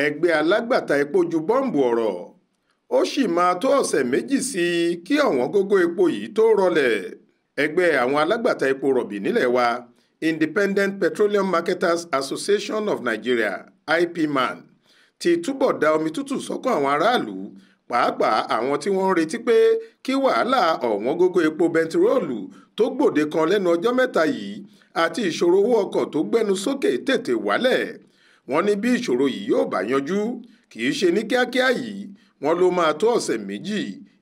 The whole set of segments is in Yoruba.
ẹgbẹ́ alágbàtà epo ju bọ́ǹbù ọ̀rọ̀ ó sì máa tó ọ̀sẹ̀ méjì sí i kí ọ̀wọ́n gógó epo yìí tó rọlẹ̀ ẹgbẹ́ àwọn alágbàtà epo rọ̀bì nílẹ̀ wa Independent Petroleum Marketers Association of Nigeria IPMAN ti túbọ̀ da omi tútù sọ́kàn àwọn aráàlú pàápàá àwọn tí wọ́n ń retí pé kí wàhálà ọ̀wọ́n gógó epo bẹntiróòlù tó gbòde kan lẹ́nu ọjọ́ mẹ́ta yìí àti ìṣòro owó ọkọ̀ tó gbẹnu sókè tètè wálẹ̀ wọ́n ní bí ìṣòro yìí yóò bá yanjú kì í ṣe ní kíákíá yìí wọ́n ló máa tó ọ̀sẹ̀ méjì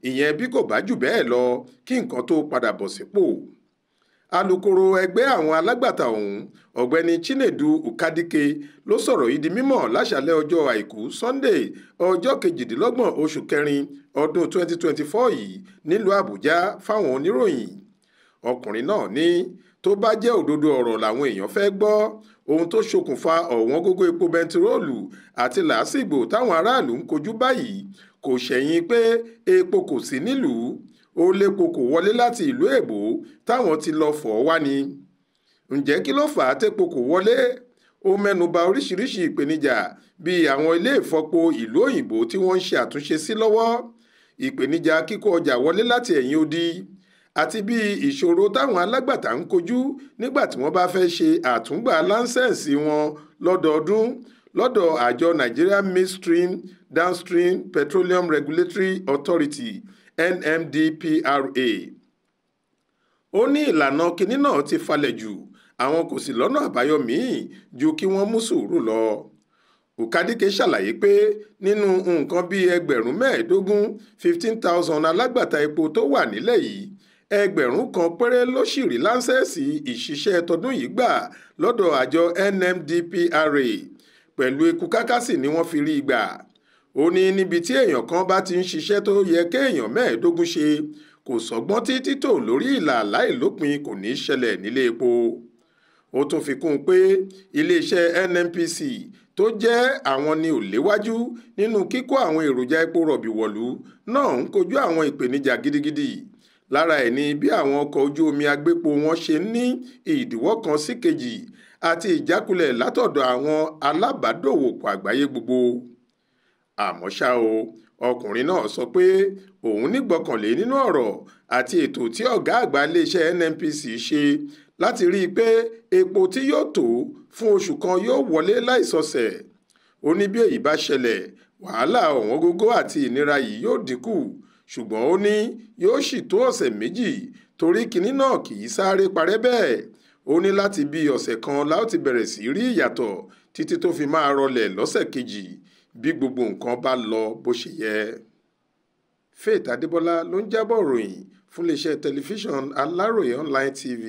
ìyẹn bí kò bá jù bẹ́ẹ̀ lọ kí nǹkan tó padà bọ̀ sípò alukoro ẹgbẹ́ àwọn alágbàtà ọ̀hún ọ̀gbẹ́ni chinedu ukadike ló sọ̀rọ̀ yìí di mímọ̀ láṣàlẹ̀ ọjọ́ àìkú sunday ọjọ́ kejìdínlọ́gbọ̀n oṣù kẹrin ọdún 2024 yìí nílùú àbújá fáwọn oníròyìn ọkùnrin náà ní tó bá jẹ́ òdodo ọ̀rọ̀ làwọn èèyàn fẹ́ gbọ́ ohun tó ṣokùnfà ọ̀wọ́n gógó epo bẹntiróòlù àti làásìgbò táwọn aráàlú ń kojú báyìí kò ṣẹ̀yìn pé epo kò sí nílùú ó lépo kò wọlé láti ìlú èbó táwọn ti lọ fọ̀ wá ni ǹjẹ́ kí ló fà á tépo kò wọlé ó mẹ́nuba oríṣiríṣi ìpèníjà bíi àwọn ilé ìfọpo ìlú òyìnbó tí wọ́n ń ṣe àtúnṣe sí lọ́wọ́ ìpèníjà kíkó ọjà wọlé láti ẹ̀yìn odi àti bí ìṣòro táwọn alágbàtà ń kojú nígbà tí wọ́n bá fẹ́ ṣe àtúngbà láńsẹ̀ǹsì wọn lọ́dọọdún lọ́dọ̀ àjọ Nigeria Midstream Downstream Petroleum Regulatory Authority NMDPRA ó ní ìlànà kinní náà ti falẹ̀ jù àwọn kò sì lọ́nà àbáyọ míì ju kí wọ́n mú sùúrù lọ. Ukadike ṣàlàyé pé nínú nǹkan bíi ẹgbẹ̀rún mẹ́ẹ̀ẹ́dógún fifteen thousand alágbàtà epo tó wà nílẹ̀ yìí ẹgbẹ̀rún kan péré ló sì rí láńsẹ̀sì ìṣiṣẹ́ tọdún yìí gbà lọ́dọ̀ àjọ NMDPRA pẹ̀lú eku kákásì ni wọ́n fi rí i gbà ó ní níbi tí èèyàn kan bá ti ń ṣiṣẹ́ tó yẹ kéèyàn mẹ́ẹ̀ẹ́dógún ṣe kò sọ́gbọ́n tí títò lórí ìlà láìlópin kò ní í ṣẹlẹ̀ nílé epo ó tún fi kún un pé iléeṣẹ́ NNPC tó jẹ́ àwọn ni ò léwájú nínú kíkó àwọn èròjà epo rọ̀bì wọ̀lú náà ń kojú àwọn ìpèníjà gidigidi lára ẹ̀ ni bí àwọn ọkọ̀ ojú omi agbépo wọn ṣe ní ìdíwọ́ kan sí kejì àti ìjákulẹ̀ látọ̀dọ̀ àwọn alábàádòwòpọ̀ àgbáyé gbogbo àmọ́ ṣá o ọkùnrin náà sọ pé òun nígbọkànlé nínú ọ̀rọ̀ àti ètò tí ọ̀gá àgbà iléeṣẹ́ NNPC ṣe láti rí i pé epo tí yóò tó fún oṣù kan yóò wọlé láìsọsẹ̀ ó ní bí èyí bá ṣẹlẹ̀ wàhálà ọ̀wọ́n àti ìnira yìí yóò dínkù ṣùgbọ́n ó ní yóò sì tó ọ̀sẹ̀ méjì torí kinní náà kì í sáré parẹ́ bẹ́ẹ̀ ó ní láti bí ọ̀sẹ̀ kan láó ti bẹ̀rẹ̀ sí rí ìyàtọ̀ títí tó fi máa rọlẹ̀ lọ́sẹ̀ kejì bí gbogbo nǹkan bá lọ bó ṣe yẹ. Faith Adébọlá ló ń jábọ̀ ròyìn fún iléeṣẹ́ tẹlifíṣàn Aláròye online TV.